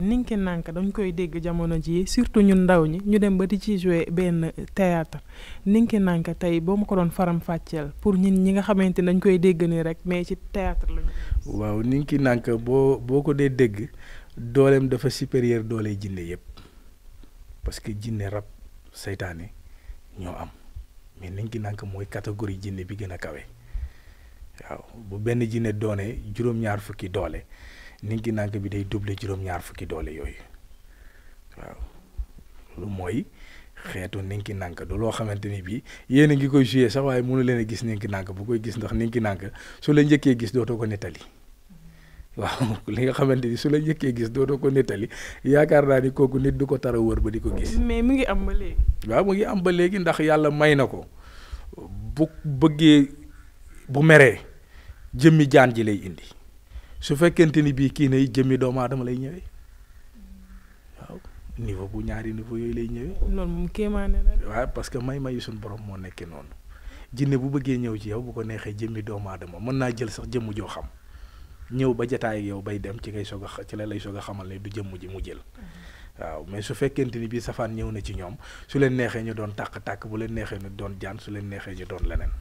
ninki nànk dañ koy dégg jamono jii surtout ñun ndaw ñi ñu dem ba di ci jouer benn théâtre ninki nànk tey boo ma ko doon faram fàcceel pour ñun ñi nga xamante ne dañ koy dégg nii ci théâtre lañu waaw ninki nànk boo boo ko dee dégg dooleem dafa supérieur doole jinne yëpp parce que jinne rab seytaane ñoo am mais ninki nànk mooy catégorie jinne bi gën a kawe waaw bu benn jinne doone juróom-ñaar fukki doole ninki nànk bi day double juróom-ñaar fukki doole yooyu waaw mooy xeetu ninki nànk du loo xamante ni bii yéen a ngi ko joué sax waaye mënu leen a gis ninki nànk bu koy gis ndax ninki nànk su la njëkkee gis dootoo ko nettali waaw li nga xamante ni su la njëkkee gis dootoo ko nettali yaakaar naa ni kooku nit du ko tara wër ba di ko gis. mais mu ngi am ba léegi. waaw mu ngi am ba léegi ndax yàlla may na ko bu bëggee bu meree jëmmi jaan ji lay indi. su fekkente ni bii kii nay jëmmi doomu aadama lay ñëwee waaw niveau bu ñaari niveau yooyu lay ñëwee. loolu moom kéemaane na. waaw parce que may-mayu suñu borom moo nekkee noonu jinne bu bëggee ñëw ci yow bu ko neexee jëmmi doomu aadama mën naa jël sax jëmm joo xam ñëw ba jataay yow bay dem ci ngay soog a ci la lay soog a xamal ne du jëmm ji mu jël. waaw mais su fekkente ni bii safaan ñëw na ci ñoom su leen neexee ñu doon tàkk-tàkk bu leen neexee ñu doon jaan su leen neexee ñu leneen.